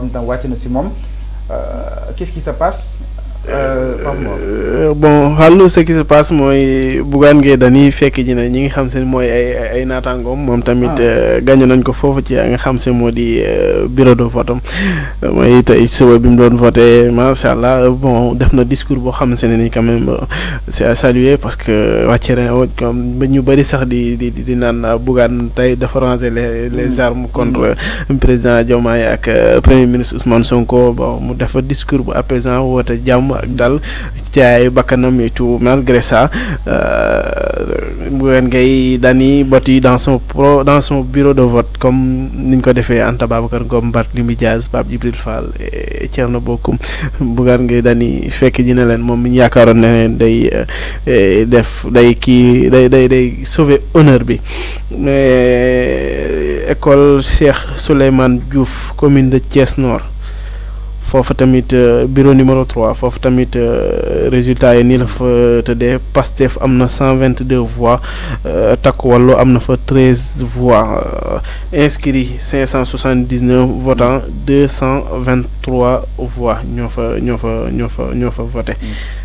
en xam ne na euh, qu'est-ce qui se passe euh, euh, euh, bon hallo ce qui se passe moi, Bougane fekk ni ñi xam ay ay bureau de vote moy tay bi doon voté machallah bon def na discours bo xam c'est à saluer parce que a comme ñu bari sax di Bougane les mm. armes contre mm. président Diomaye premier ministre Ousmane Sonko bon mu def discours bu apaisant ak dal ay bakkanam et tout malgré ça euh, Bougane Gueye Dany boti dans son pro dans son bureau de vote comme niñ ko defee Anta Babacar Ngom Barthélémy Dias Pape Djibril Fall et na Bocoum Bougane Gueye Dany fekk ji ne leen moom mi ñu yaakaaroon ne leen day euh, def day kii day day day sauver honneur bi mais école Cheikh Souleymane Diouf commune de Thiès noor fofu tamit euh, bureau numéro 3 fofu tamit euh, résultat il faut la fa PASTEF 122 voix takk à 13 voix euh, inscrits 579 votants 223 voix Il fa mm.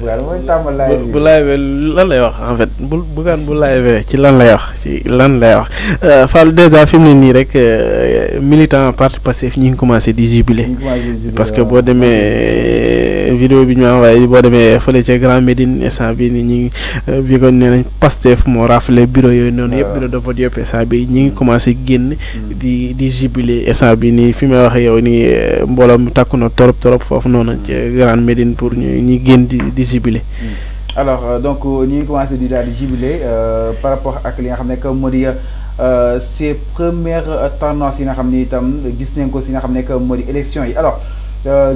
Bougane mooy tàmbali laay bu laay lan lay wax en fait bu Bougane bu laay ci lan lay wax ci lan lay wax euh, Fallou dèjà fi mu ne nii rek euh, militant parti Pastef ñu ngi commencé di jubiler. parce que boo demee vidéo bi ñu envoyé boo demee fële ca Grand Médine instant bi ni ñi ngi euh, bigoon nee nañ Pastef moo rafle bureau yooyu noonu yëpp bureau de ñi ngi mm. commencé génn. Mm. di di jubiler instant bi nii fi may waxee yow nii mbooloo mu takku na torop torop foofu noonu ca Grand Médine pour ñu génn di. di jubilé. Hmm. alors euh, donc euh, ñu ngi commencé di daal di jubilé euh, par rapport ak li nga xam que modi euh ces premières tendances yi nga xam ne itam gis nañ ko si nga xam que modi élection yi alors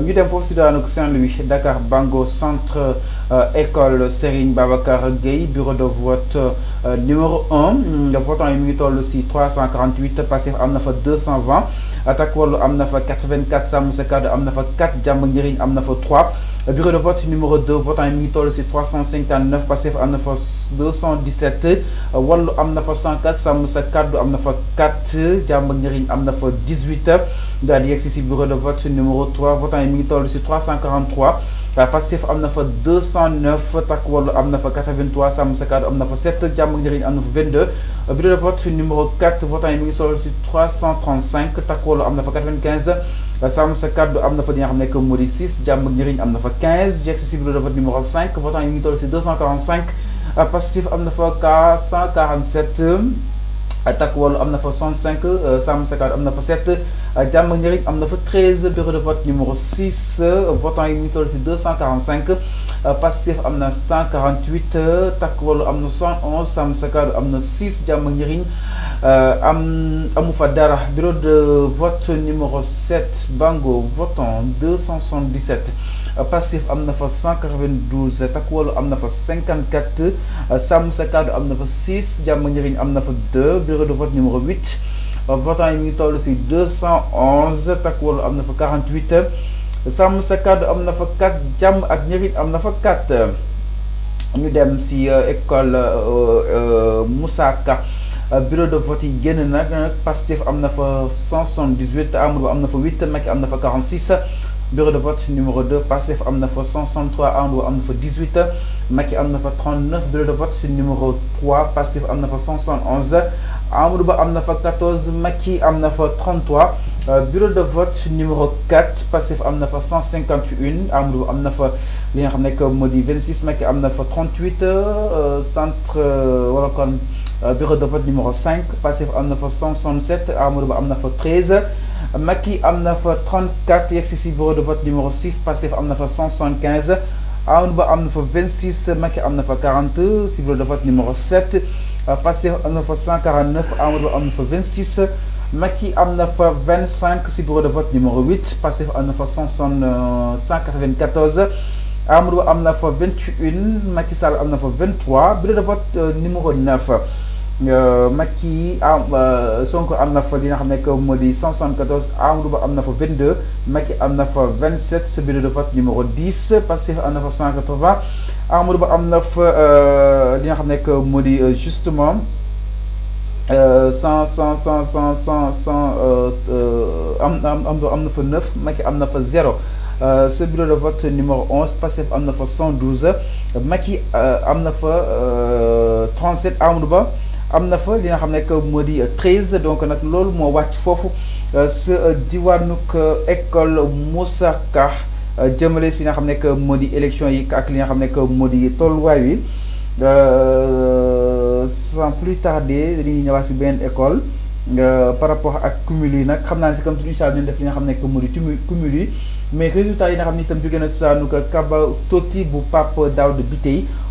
ñu dem foofu si daanu Saint-Louis Dakar Bango centre. Euh, école Serigne Babacar Gueye bureau de vote euh, numéro 1 mm, votant en mu aussi 348 Passif en 220 attaque Wallu 84 Sàmm 4 3 euh, bureau de vote numéro 2 votant en mu aussi 359 Passif en 217 Wallu am 104 Sàmm Sa Amnafa 4 Amnafa 18 bureau de vote numéro 3 votant en aussi 343 Passif, amna 209 Takku Wallu fa 83 Sam Sa 7 Jàmm ak amna 22 bureau de vote numéro 4 votant en mi ngi 335 Takku Wallu 45 fa 95 Sàmm Sa fa 6 15 j'ai de vote numéro 5 votant en mi ngi 245 Passif, amna 447 147 takk wàllu am fa 65 amna fa 7 jam amna fa 13 bureau de vote numéro 6 votant yi 245 Passif amna 148 takk wàllu 111 6 am dara bureau de vote numéro 7 Bango votant 277 Passif amna fa 192 takk wàllu fa 54 sàmm amna fa 6 jam njëriñ amna fa 2 de vote numéro 8 votant yi ñu aussi 211 takk Amna 48 sàmm sa kàddu 4 jam ak 4 ñu si euh, école euh, euh, Moussa Ka bureau de vote yi pastif am fa 178 Amadou Amna 8 Mek Amna 46 bureau de vote numéro 2 passif amna fa 163 18 Macky amna 39 bureau de vote numéro 3 Passef amna fa 171 Ba 14 Macky amna bureau de vote numéro 4 passif amna fa 151 Amadou amna 26 Macky amna 38 centre wala kon bureau de vote numéro 5 passif amna fa 167 Amadou Ba 13. Maki am 34 de vote numéro 6 passé am 175 26 Maki am 40 si de vote numéro 7 passé am 149 26 Maki am 25 si de vote numéro 8 passé am 194 am 21 Maki Sall am 23 bureau de vote numéro 9. Maki ah, Sonko amna fa 174 ah, Amadou Ba amna fa 22 Maki amna fa 27 sa bureau de vote numéro 10 Passif am fa 180 Amadou Ba amna fa euh, li nga euh, justement 100 100 100 100 100 9 Macky Amnaf fa 0. ce euh, bureau de vote numéro 11 Passif am 112 Maki euh, na fa 37 Amadou amna fa li nga xam ne 13 donc nak donc mo wacc fofu wàcc foofu euh, sa euh, diwaanuk euh, école Moussa Ka jëmale si nga xamné que modi élection yi ak li nga xamné que modi tolway wi euh sans plus tarder dañuy ñëwaat si ben école par rapport ak cumul yi nak xamna naa comme incha allah ñu def li nga xamné que moo cumul yi mais résultat yi nga xam tam itam jóge na si daanu Kaba Toti bu Pape daoud bitey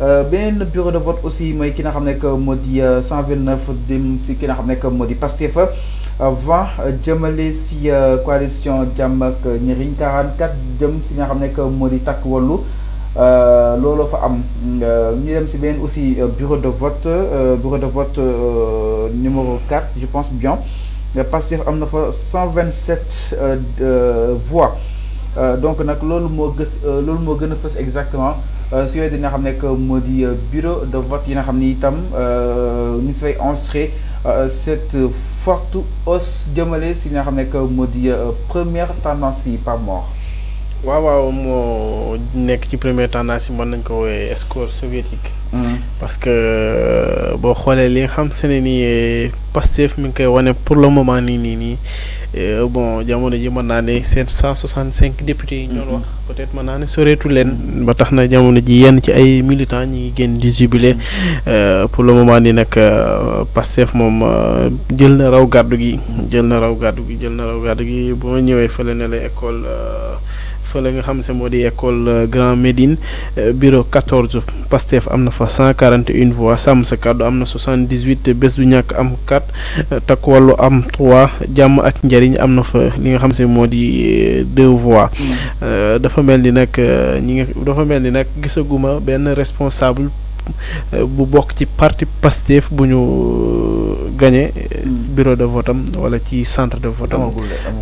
le euh, bureau de vote aussi mooy ki n'a xamné nekk modi 129 dim fi ki nga xamné nekk modi di Pastef 20 euh, euh, jëmale si coalition jàmm ak ñëriñ 44 jëm si nga xamné nekk modi tak takk euh looloo fa am ñu dem si beneen aussi bureau de vote bureau de vote numéro 4 je pense bien Pastef am na fa 127 voix donc nak lolu mo gës loolu moo gën exactement euh, si vous avez xam euh, bureau de vote vous euh, avez cette forte hausse Malé, si première tendance pas mort oui, waaw suis la première tendance c'est nañ soviétique parce que vous savez, li nga xam hmm. ni pour le moment Euh, bon jamono ji mën naa ne seen cent soixante cinq députés yi ñoon mm-hmm. wax peut-être mën naa ne soreetu leen ba tax na jamono ji yenn ci ay militants ñi ngi génn di jubilé mm-hmm. euh, pour le moment ni nag euh, Pastef moom jël na raw gàddu gi jël na raw gàddu gi jël na raw gàddu gi bu ma ñëwee fële ne la école fële nga xam se moo di école euh, Grand Médine euh, bureau 14 Pastef am na fa 141 voix Sàmm Sa Kàddu am na 78 bés du ñàkk am 4 euh, Takku Wallu am 3 jàmm ak njëriñ am na fa li nga xam se moo di 2 voix mm. dafa mel ni nag ñi nga dafa mel ni nag gisaguma benn responsable bu bokk ci parti Pastef bu ñu gagné euh, bureau de vote am wala ci centre de vote am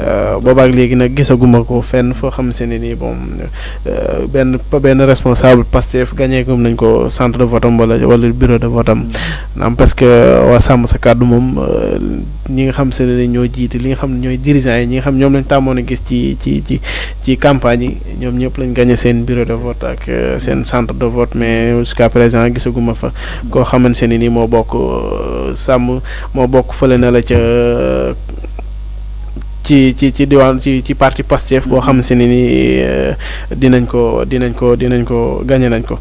euh, boobaak léegi nag gisaguma ko fenn foo xam se ne nii bon euh, benn benn responsable Pastef gagné gum nañ ko centre de wala wala bureau de vote am mm. naam parce que waa sàmm sa kàddu moom ñi nga xam se ne ñoo jiite li nga xam ñooy dirigeants yi ñi nga xam ñoom lañ tàmmoon a gis ci ci ci ci campagne ñoom ñëpp lañ gagné seen bureau de vote ak seen mm. centre de vote mais jusqu'à gisaguma fa mm. koo xamante ne nii moo bokk sàmm moo bokk fële na la ca ci ci ci diwaan ci ci parti Pastef boo xam si ne ni euh, dinañ ko dinañ ko dinañ ko gagné nañ ko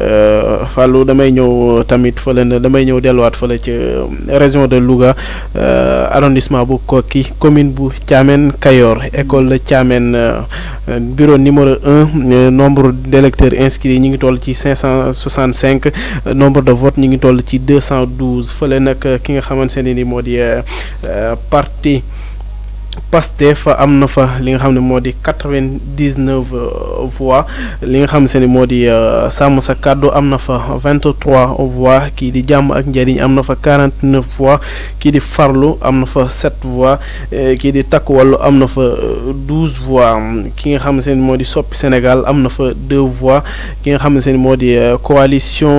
euh, Fallou damay ñëw tamit fële na damay ñëw delluwaat fële ci euh, région de Louga arrondissement bu Koki commune bu Thiamène Kayor école de Thiamène bureau numéro un nombre d'électeurs inscrits ñu ngi toll ci cinq cent soixante cinq nombre de votes ñu ngi toll ci deux cent douze fële nag ki nga xamante ne ni moo di parti pastef a fa 99 euh, voix li nga le modi sam 23 voix ki di a ak 49 voix ki di farlo amna 7 voix euh, ki di amna 12 euh, voix ki nga xamne modi soppi senegal amna fa 2 voix ki nga xamne modi coalition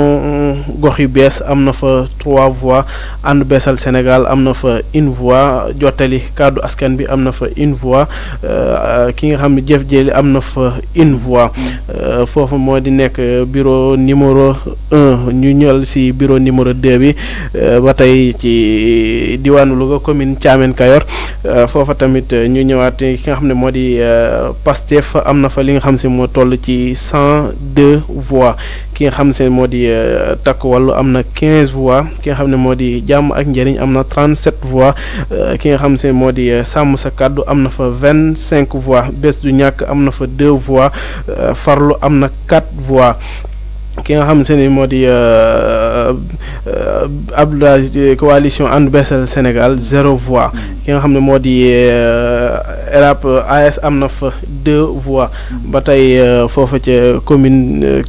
GORIBES yu 3 voix and besal senegal amna 1 voix jotali KADO askan am na fa une voix euh, ki nga xam ne Jeff Jelly am na fa une voix euh, foofu moo di nekk bureau numéro un ñu ñëwal si bureau numéro deux bi euh, ba tey ci diwaanu Louga commune Thiamène Kayor foofa tamit ñu ñëwaat ki nga xam ne moo di Pastef am na fa li nga xam si moo toll ci cent deux voix ki nga xam ne moo di euh, takk wàllu am na quinze voix ki nga xam ne moo di jàmm ak njëriñ am na trente sept voix euh, ki nga xam ne moo di euh, sàmm sa kàddu am na fa vingt cinq voix bés du ñàkk am na fa deux voix farlu am na quatre voix. ki nga xamante ni moo euh, euh, euh, coalition and Sénégal zéro voix mm. ki nga AS deux voix commune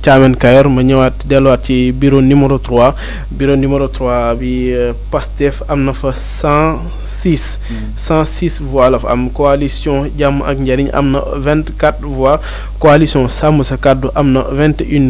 bureau numéro 3 bureau numéro 3 bi Pastef am mm. voix la coalition jàmm ak njariñ voix coalition sàmm sa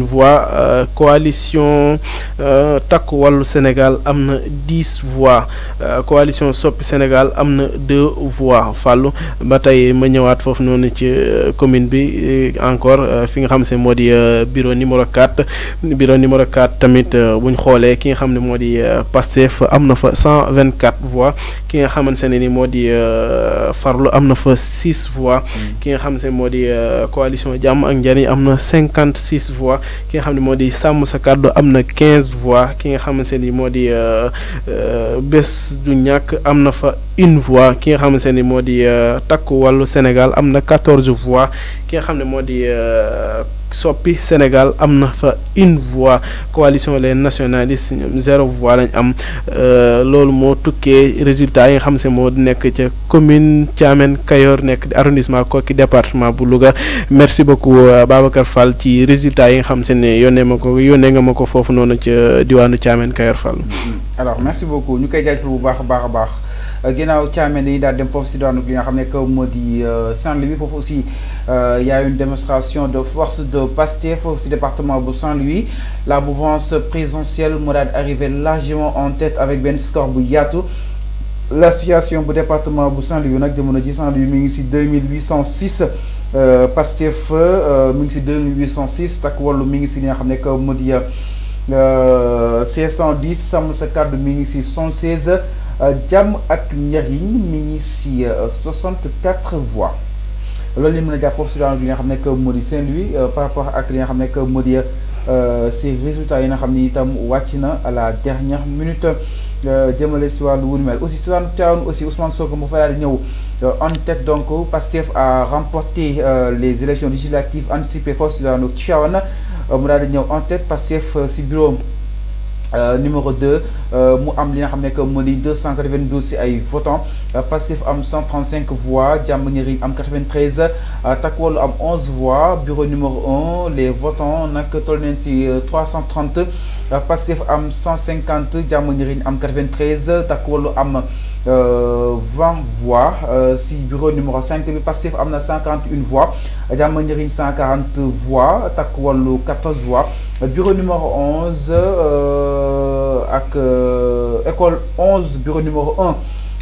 voix euh, coalition euh, Takowal Sénégal amne 10 voix euh, coalition Sop Sénégal amne 2 voix fallu bataille ma ñëwaat fofu non ci euh, commune bi encore fi nga xam c'est modi bureau numéro 4 bureau numéro 4 tamit buñ xolé ki nga xam ni modi passef amna fa 124 voix ki nga xamantene ni modi farlu amna fa 6 mm. voix ki nga xam c'est modi coalition Jam ak Njari amna 56 voix ki nga xam modi sam sakado amna 15 voix ki nga xamanteni modi euh, euh bes du ñak amna fa une voix ki nga xamanteni modi euh takku walu Sénégal amna 14 voix ki nga xamne modi euh soppi Sénégal am na fa une voix coalition les nationalistes ñoom zéro voix lañ am euh, loolu moo tukkee résultat yi nga xam se moo nekk ca commune Thiamène Kayor nekk di arrondissement Koki département bu Louga merci beaucoup euh, Babacar Fall ci résultat yi nga xam se ne yónnee ma ko yónnee nga ma ko foofu noonu ca diwaanu Thiamène Kayor Fall. Mm-hmm. alors merci beaucoup ñu koy jaajëfal bu baax a baax a baax. Euh, ginnaaw Thiamène yi daal dem foofu si daanu li nga xam ne que moo di euh, Saint-Louis foofu aussi euh, y a une démonstration de force de Pastef foofu si département bu Saint-Louis la mouvance présidentielle moo daal arrivé largement en tête avec benn score bu yaatu l'association bu département bu Saint-Louis nag jamono ji Saint-Louis mi ngi si 2806 Pastef mi ngi si 2806 takk wàllu mi ngi si li nga xam ne que moo di 610 sàmm sa mi ngi si 116 euh, jàmm ak njariñ mini si 64 euh, voix lolou li mën a jàpp ci si li nga xamné que Modi Saint-Louis euh, par rapport ak li nga xamné que moo euh ces résultats yi nga xamné itam waccina na à la dernière minute jëmale si wàllu wu ni mel aussi si wàllu Tivaouane aussi Ousmane Sonko mo fa daal di ñëw en tête donc Pastef a remporté les élections législatives anticipées force si daanaka Tivaouane mu daal di ñëw en tête Pastef ci bureau euh, numéro 2 nous euh, am 292 votants euh, passif am 135 voix diamonirin am 93 takwol am 11 voix bureau numéro 1 les votants nous avons 330 passif am 150 Jàmm am 93 takwol am. 20 euh, voix euh, si bureau numéro 5 bi passif à 51 voix 140 voix 14 voix bureau numéro 11. que euh, école 11 bureau numéro 1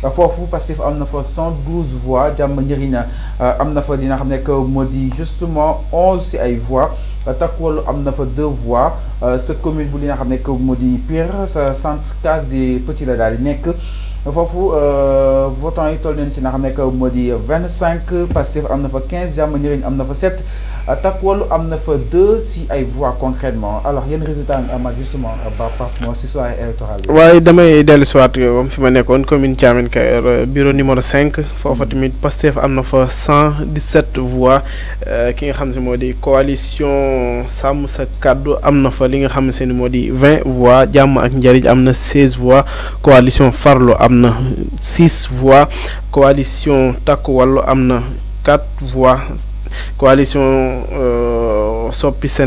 à fois vous passive à 112 voix jàmm njëriñ fa justement 11 voix à deux voix ce commune voulait Pire centre case des Petits la Fofu euh, votant étoile d'un scénario avec 25 passif en et e manière en 97 takk wàllu am fait fa deux si ay voix concrètement alors yéen résultat yi amaat justement euh, ba moi si soir électorale bi. demain damay le soir, waat moom euh, fi ma nekkoon commune Thiamène Kayor euh, bureau numéro 5 foofa mm. tamit Pastef am 117 voix ki nga xam ne coalition sàmm sa am fa li 20 voix diam ak am 16 voix coalition Farlo am 6 voix coalition takku wàllu 4 voix. coalition %e Soppi Séné